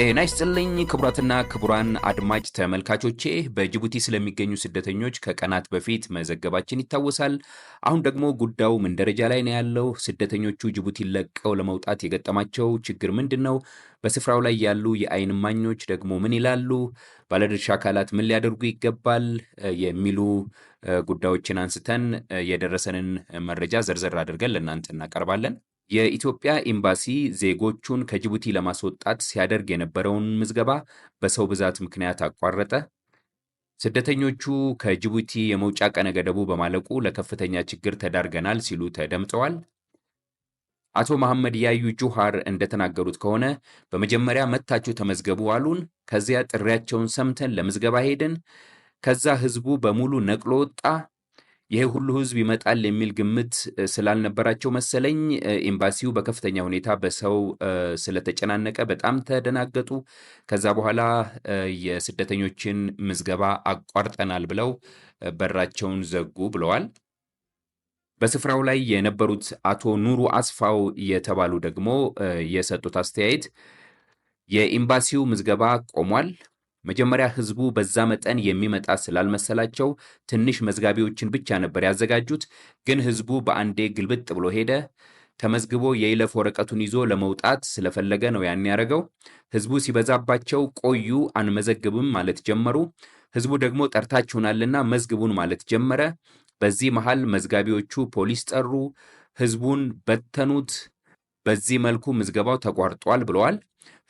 ጤና ይስጥልኝ ክቡራትና ክቡራን አድማጭ ተመልካቾቼ፣ በጅቡቲ ስለሚገኙ ስደተኞች ከቀናት በፊት መዘገባችን ይታወሳል። አሁን ደግሞ ጉዳዩ ምን ደረጃ ላይ ነው ያለው? ስደተኞቹ ጅቡቲ ለቀው ለመውጣት የገጠማቸው ችግር ምንድን ነው? በስፍራው ላይ ያሉ የአይን እማኞች ደግሞ ምን ይላሉ? ባለድርሻ አካላት ምን ሊያደርጉ ይገባል? የሚሉ ጉዳዮችን አንስተን የደረሰንን መረጃ ዘርዘር አድርገን ለእናንተ እናቀርባለን። የኢትዮጵያ ኤምባሲ ዜጎቹን ከጅቡቲ ለማስወጣት ሲያደርግ የነበረውን ምዝገባ በሰው ብዛት ምክንያት አቋረጠ። ስደተኞቹ ከጅቡቲ የመውጫ ቀነ ገደቡ በማለቁ ለከፍተኛ ችግር ተዳርገናል ሲሉ ተደምጠዋል። አቶ መሐመድ ያዩ ጁሃር እንደተናገሩት ከሆነ በመጀመሪያ መታችሁ ተመዝገቡ አሉን። ከዚያ ጥሪያቸውን ሰምተን ለምዝገባ ሄድን። ከዛ ህዝቡ በሙሉ ነቅሎ ወጣ። ይሄ ሁሉ ህዝብ ይመጣል የሚል ግምት ስላልነበራቸው መሰለኝ ኤምባሲው በከፍተኛ ሁኔታ በሰው ስለተጨናነቀ በጣም ተደናገጡ። ከዛ በኋላ የስደተኞችን ምዝገባ አቋርጠናል ብለው በራቸውን ዘጉ ብለዋል። በስፍራው ላይ የነበሩት አቶ ኑሩ አስፋው የተባሉ ደግሞ የሰጡት አስተያየት የኤምባሲው ምዝገባ ቆሟል። መጀመሪያ ህዝቡ በዛ መጠን የሚመጣ ስላልመሰላቸው ትንሽ መዝጋቢዎችን ብቻ ነበር ያዘጋጁት። ግን ህዝቡ በአንዴ ግልብጥ ብሎ ሄደ። ተመዝግቦ የይለፍ ወረቀቱን ይዞ ለመውጣት ስለፈለገ ነው ያን ያደረገው። ህዝቡ ሲበዛባቸው ቆዩ፣ አንመዘግብም ማለት ጀመሩ። ህዝቡ ደግሞ ጠርታችሁናልና መዝግቡን ማለት ጀመረ። በዚህ መሃል መዝጋቢዎቹ ፖሊስ ጠሩ፣ ህዝቡን በተኑት። በዚህ መልኩ ምዝገባው ተቋርጧል ብለዋል።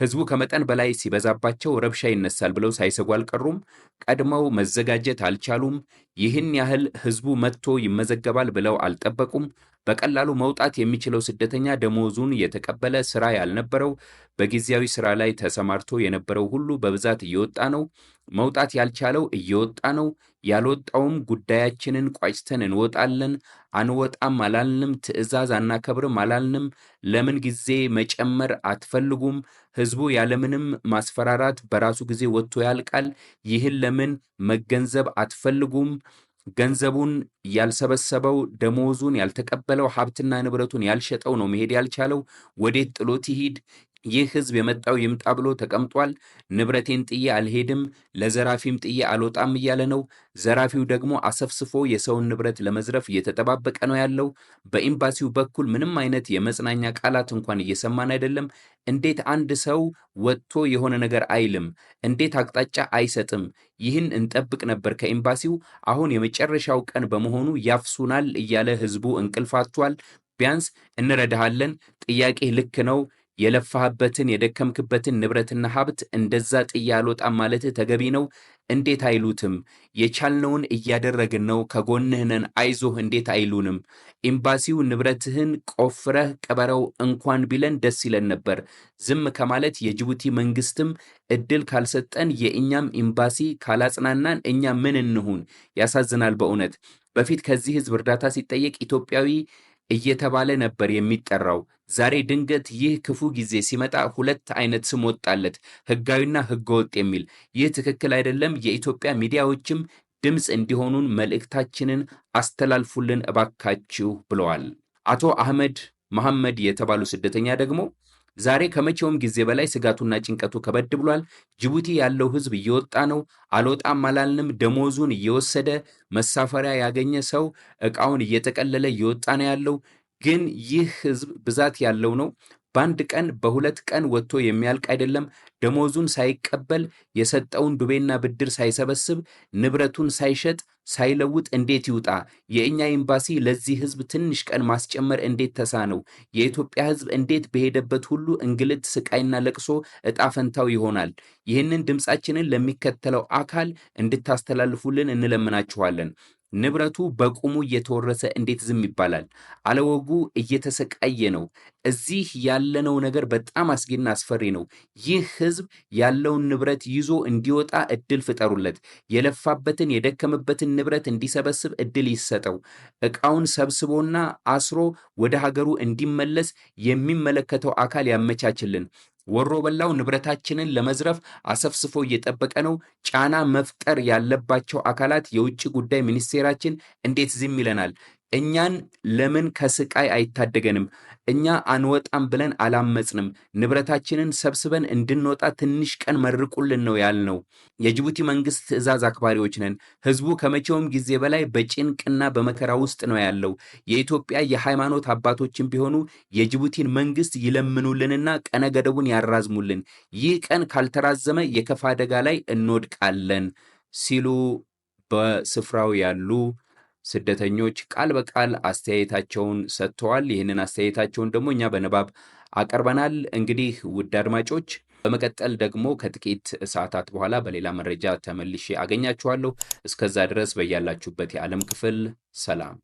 ህዝቡ ከመጠን በላይ ሲበዛባቸው ረብሻ ይነሳል ብለው ሳይሰጉ አልቀሩም። ቀድመው መዘጋጀት አልቻሉም። ይህን ያህል ህዝቡ መጥቶ ይመዘገባል ብለው አልጠበቁም። በቀላሉ መውጣት የሚችለው ስደተኛ ደሞዙን የተቀበለ ስራ ያልነበረው በጊዜያዊ ስራ ላይ ተሰማርቶ የነበረው ሁሉ በብዛት እየወጣ ነው። መውጣት ያልቻለው እየወጣ ነው። ያልወጣውም ጉዳያችንን ቋጭተን እንወጣለን፣ አንወጣም አላልንም፣ ትዕዛዝ አናከብርም አላልንም፣ ለምን ጊዜ መጨመር አትፈልጉም፣ ህዝቡ ያለምንም ማስፈራራት በራሱ ጊዜ ወጥቶ ያልቃል። ይህን ለምን መገንዘብ አትፈልጉም? ገንዘቡን ያልሰበሰበው፣ ደሞዙን ያልተቀበለው፣ ሀብትና ንብረቱን ያልሸጠው ነው መሄድ ያልቻለው። ወዴት ጥሎት ይሂድ? ይህ ህዝብ የመጣው ይምጣ ብሎ ተቀምጧል። ንብረቴን ጥዬ አልሄድም፣ ለዘራፊም ጥዬ አልወጣም እያለ ነው። ዘራፊው ደግሞ አሰፍስፎ የሰውን ንብረት ለመዝረፍ እየተጠባበቀ ነው ያለው። በኤምባሲው በኩል ምንም አይነት የመጽናኛ ቃላት እንኳን እየሰማን አይደለም። እንዴት አንድ ሰው ወጥቶ የሆነ ነገር አይልም? እንዴት አቅጣጫ አይሰጥም? ይህን እንጠብቅ ነበር ከኤምባሲው። አሁን የመጨረሻው ቀን በመሆኑ ያፍሱናል እያለ ህዝቡ እንቅልፍ አጥቷል። ቢያንስ እንረዳሃለን፣ ጥያቄ ልክ ነው የለፋህበትን የደከምክበትን ንብረትና ሀብት እንደዛ ጥያ አልወጣም ማለት ተገቢ ነው? እንዴት አይሉትም? የቻልነውን እያደረግን ነው፣ ከጎንህ ነን፣ አይዞህ እንዴት አይሉንም? ኤምባሲው ንብረትህን ቆፍረህ ቅበረው እንኳን ቢለን ደስ ይለን ነበር። ዝም ከማለት የጅቡቲ መንግስትም እድል ካልሰጠን፣ የእኛም ኤምባሲ ካላጽናናን እኛ ምን እንሁን? ያሳዝናል በእውነት። በፊት ከዚህ ህዝብ እርዳታ ሲጠየቅ ኢትዮጵያዊ እየተባለ ነበር የሚጠራው። ዛሬ ድንገት ይህ ክፉ ጊዜ ሲመጣ ሁለት አይነት ስም ወጣለት፣ ህጋዊና ህገወጥ የሚል። ይህ ትክክል አይደለም። የኢትዮጵያ ሚዲያዎችም ድምፅ እንዲሆኑን መልእክታችንን አስተላልፉልን እባካችሁ ብለዋል። አቶ አህመድ መሐመድ የተባሉ ስደተኛ ደግሞ ዛሬ ከመቼውም ጊዜ በላይ ስጋቱና ጭንቀቱ ከበድ ብሏል። ጅቡቲ ያለው ህዝብ እየወጣ ነው። አልወጣም አላልንም። ደሞዙን እየወሰደ መሳፈሪያ ያገኘ ሰው እቃውን እየጠቀለለ እየወጣ ነው ያለው። ግን ይህ ህዝብ ብዛት ያለው ነው። በአንድ ቀን በሁለት ቀን ወጥቶ የሚያልቅ አይደለም። ደሞዙን ሳይቀበል የሰጠውን ዱቤና ብድር ሳይሰበስብ ንብረቱን ሳይሸጥ ሳይለውጥ እንዴት ይውጣ? የእኛ ኤምባሲ ለዚህ ህዝብ ትንሽ ቀን ማስጨመር እንዴት ተሳነው? የኢትዮጵያ ህዝብ እንዴት በሄደበት ሁሉ እንግልት፣ ስቃይና ለቅሶ እጣ ፈንታው ይሆናል? ይህንን ድምፃችንን ለሚከተለው አካል እንድታስተላልፉልን እንለምናችኋለን። ንብረቱ በቁሙ እየተወረሰ እንዴት ዝም ይባላል? አለወጉ እየተሰቃየ ነው። እዚህ ያለነው ነገር በጣም አስጊና አስፈሪ ነው። ይህ ህዝብ ያለውን ንብረት ይዞ እንዲወጣ እድል ፍጠሩለት። የለፋበትን የደከመበትን ንብረት እንዲሰበስብ እድል ይሰጠው። እቃውን ሰብስቦና አስሮ ወደ ሀገሩ እንዲመለስ የሚመለከተው አካል ያመቻችልን። ወሮ በላው ንብረታችንን ለመዝረፍ አሰፍስፎ እየጠበቀ ነው። ጫና መፍጠር ያለባቸው አካላት የውጭ ጉዳይ ሚኒስቴራችን እንዴት ዝም ይለናል? እኛን ለምን ከስቃይ አይታደገንም? እኛ አንወጣም ብለን አላመጽንም። ንብረታችንን ሰብስበን እንድንወጣ ትንሽ ቀን መርቁልን ነው ያልነው። የጅቡቲ መንግስት ትዕዛዝ አክባሪዎች ነን። ህዝቡ ከመቼውም ጊዜ በላይ በጭንቅና በመከራ ውስጥ ነው ያለው። የኢትዮጵያ የሃይማኖት አባቶችን ቢሆኑ የጅቡቲን መንግስት ይለምኑልንና ቀነ ገደቡን ያራዝሙልን። ይህ ቀን ካልተራዘመ የከፋ አደጋ ላይ እንወድቃለን ሲሉ በስፍራው ያሉ ስደተኞች ቃል በቃል አስተያየታቸውን ሰጥተዋል። ይህንን አስተያየታቸውን ደግሞ እኛ በንባብ አቀርበናል። እንግዲህ ውድ አድማጮች በመቀጠል ደግሞ ከጥቂት ሰዓታት በኋላ በሌላ መረጃ ተመልሼ አገኛችኋለሁ። እስከዛ ድረስ በያላችሁበት የዓለም ክፍል ሰላም